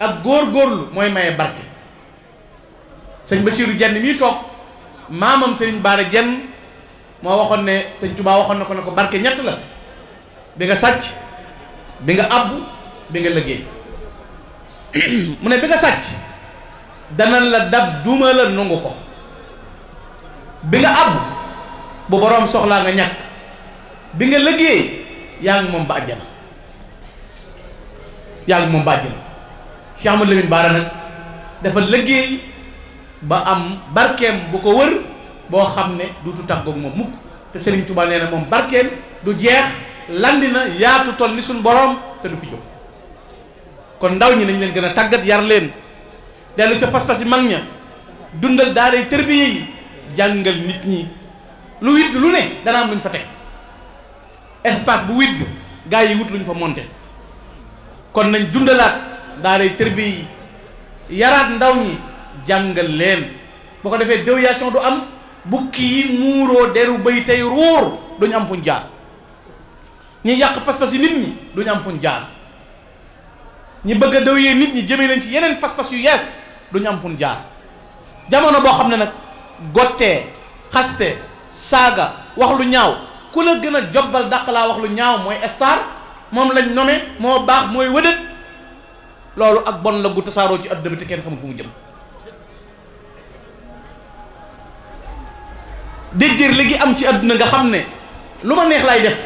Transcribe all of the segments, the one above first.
ak góor-góorlu mooy maye barke sëñ Bachirou Jenn mii toog maamam sëriñ Baara Jenn moo waxoon ne sëñ Tuubaa waxoon ne ko barke ñett la bi nga sàcc bi nga àbb bi nga liggéey mu ne bi nga sàcc dana la dab duma la nungu ko bi nga àbb bu boroom soxlaa nga ñàkk bi nga liggéey yaa ngi ba ba Cheikh Amadou Lamine Bara nag dafa liggéey ba am barkeem bu ko wër boo xam ne duutu tàggoog moom mukk te Serigne Touba nee na moom barkeem du jeex landi na yaatu toll ni suñ boroom te du fi jóg kon ndaw ñi nañ leen gën a yar leen dellu ca pas-pas mag ña dundal daaray tërbiye yi jàngal nit ñi lu widd lu ne dana am luñ fa teg espace bu widd gaa yi wut luñ fa monte kon nañ dundalaat dari terbi, yarat ndaw ñi jàngal leen boo ko defee déviation du am buki muro deru bëy tey ruur duñu am fuñ jaar ñi yàq pas-pas yi nit ñi duñu am fuñ jaar ñi bëgg a nit ñi jëmee leen ci yeneen pas-pas yu yees duñu am fuñ jaar jamono boo xam ne nag gottee xaste wax lu ñaaw ku la jobbal dàq wax lu ñaaw mooy star moom lañ nome moo baax loolu ak bon la gu tasaaroo ci àdduna bi te kenn xamul fu mu jëm déjjër li gi am ci àdduna nga xam ne lu ma neex laay def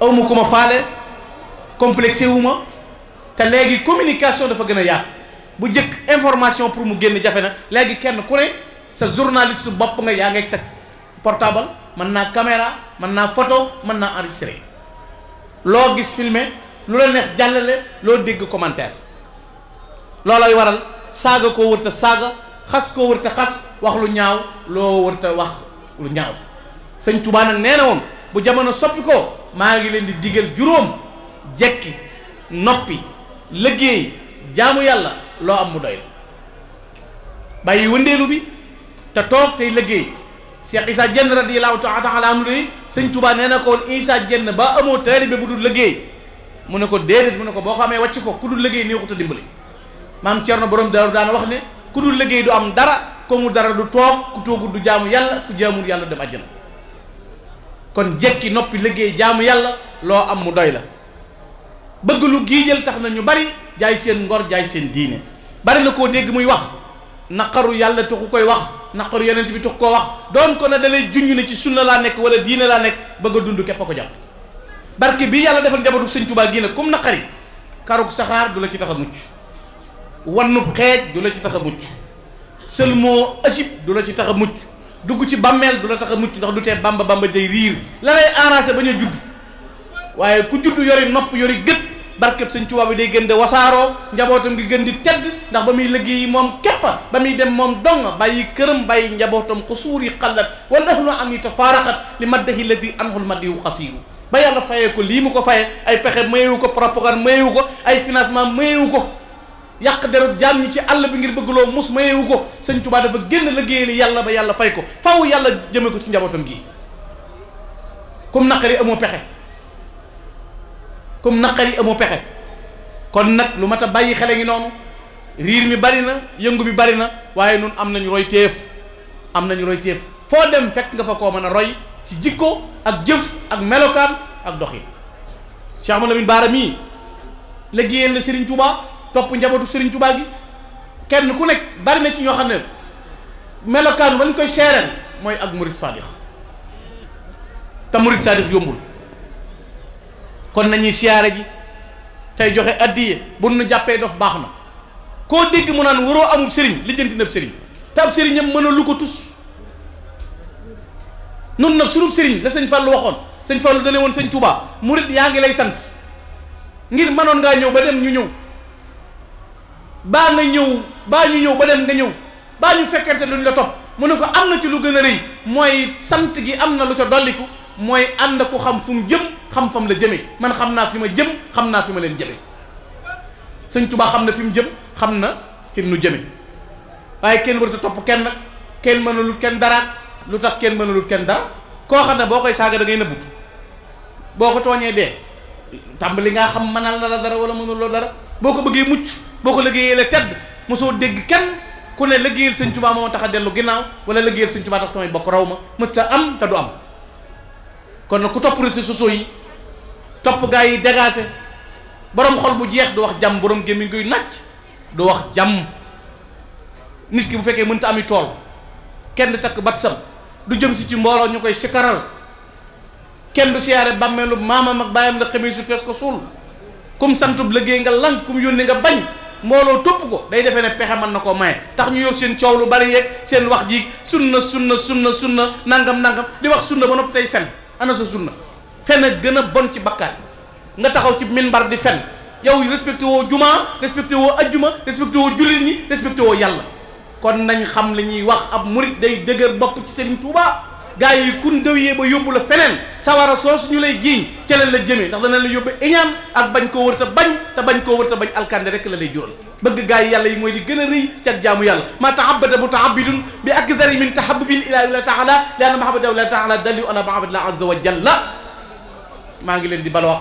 awma ku ma faale complexé te léegi communication dafa gën a yàq bu jëkk information pour mu génn jafe na léegi kenn ku ne sa journaliste su bopp nga yaa ngeeg sa portable mën naa caméra mën naa photo mën naa enregistré loo gis filmé lu la neex jàllale loo dégg commentaire loolay waral saaga koo wërta saaga xas koo wërta xas wax lu ñaaw loo wërta wax lu ñaaw sëñ Tuubaa nag nee na woon bu jamono soppi ko maa ngi leen di digal juróom jekki noppi liggéey jaamu yàlla loo am mu doy la bàyyi wëndeelu bi te toog tey liggéey Cheikh Issa Dieng radiyallahu taala anhu de sëñ Tuubaa nee na ko woon Issa Dieng ba amoo taalibe bu dul liggéey mu ne ko déedéet mu ne ko boo xamee wàcc ko ku dul liggéey néexut a dimbali maam Cerno borom daaru daana wax ne ku dul liggéey du am dara ko mu dara du toog ku toogul du jaamu yàlla ku jaamul yàlla dem àjjana kon jekki noppi liggéey jaamu yàlla loo am mu doy la bëgg lu giijal tax na ñu bari jaay seen ngor jaay seen diine bari na koo dégg muy wax naqaru yàlla taxu koy wax naqaru yonent bi taxu koo wax doon ko na dalay junj ne ci sunna laa nekk wala diine laa nekk bëgg dund képp a ko jàpp barke bii yàlla defal njabootu sëñ Tuubaa gii nag comme naqari karuk saxaar la ci tax a wannub xeej du la ci tax a mucc sëlmoo asib du la ci tax a mucc dugg ci bàmmeel du la tax mucc ndax du tee bamba bamba tey riir la lay arrangé bañ judd waaye ku judd yori nopp yori gët barkeb sëñ Tuubaa bi day gën di wasaaroo njabootam gi gën di tedd ndax ba muy liggéey moom keppa dem moom dong bàyyi këram bàyyi njabootam ku suur yi xallat wala ahlu an yi tafaaraxat li maddahi ladi anhul madiyu xasiiru ba yàlla fayee ko lii ko faye ay propagande ay financement yàq derub jaam ñi ci àll bi ngir bëgg loo mus mayewu ko sëñ Tuubaa dafa génn liggéeyal yàlla ba yàlla fay ko faw yàlla jëme ko ci njabootam gi kum naqari amoo pexe kum naqari amoo pexe kon nag lu mat a bàyyi xele ngi noonu riir mi bari na yëngu mi bari na waaye nun am nañu roy téef am nañu roy téef foo dem fekk nga fa koo mën a roy ci jikko ak jëf ak melokaan ak doxi Cheikh Mouhamadou Lamine Bara mii liggéeyal na Sëriñ Tuubaa topp njabootu sëriñ Touba gi kenn ku nekk bari na ci ñoo xam ne melokaan ba ñu koy seereel mooy ak murid sadix te murid sadix yombul kon nañuy siyaare ji tey joxe addiye bu nu jàppee dox baax na koo dégg mu naan waroo amub sëriñ lijjanti na ab sëriñ te ab mën a lu ko tus nun nag sunub sëriñ la sëñ Fallou waxoon sëñ Fallou dane woon sëñ Touba murid yaa ngi lay sant ngir mënoon ngaa ñëw ba dem ñu ñëw baa nga ñëw baa ñu ñëw ba dem nga ñëw baa ñu fekkente luñ la topp mën a ko am na ci lu gën a rëy mooy sant gi am na lu ca dolliku mooy ànd ku xam fu mu jëm xam fam la jëmee man xam naa fi ma jëm xam naa fi ma leen jëmee sëñ Tuubaa xam na fi mu jëm xam na fi mu nu jëme waaye kenn war a topp kenn nag kenn mënul kenn dara lu tax kenn mënalul kenn dara koo xam ne boo koy saaga da ngay nëbbutu boo ko tooñee dee li ngaa xam mënal na la dara wala mënuloo da boo ko bëggee mucc boo ko liggéeyee la tedd mosoo dégg kenn ku ne liggéeyal sëñ Tuubaa moo tax a dellu ginnaaw wala liggéeyal sëñ Tuubaa tax samay bokk raw ma mës ta am te du am kon nag ku topp réseaux sociaux yi topp gaa yi dégagé boroom xol bu jeex du wax jàmm boroom gémmiñ guy nàcc du wax jàmm nit ki bu fekkee mënta ami tool kenn takk batsam du jëm si ci mbooloo ñu koy sikaral kenn du siyaare bàmmeelu maamam ak bàyyam la xamee su fees ko suul kum santub liggéey nga lan kum yónni nga bañ mbooloo topp ko day defee ne pexe mën na koo maye tax ñu yor seen coow lu bari yeeg seen wax ji sunna sunna sunna sunna nangam nangam di wax sunna ba nopp tey fen ana sa sunna fen a gën a bon ci bakkaar nga taxaw ci minbar di fen yow respecté woo jumaa respecté woo ajjuma respecté woo jullit ñi respecté woo yàlla kon nañ xam li ñuy wax ab murit day dëgër bopp ci seen Touba. gars yi kun dëwyee ba yóbbu la feneen sawara soos ñu lay jiiñ ca leen la jëmee ndax na la yóbbu iñaam ak bañ koo wër te bañ te bañ koo wër bañ alkande rek la lay joon bëgg gars yi yàlla yi mooy di gën a rëy ca jaamu yàlla maa tahabada mutahabidun bi akzari min tahabubin ila ila taala li anna mahabada ila taala daliu ala mahabada la azza wa jalla maa ngi leen di baloo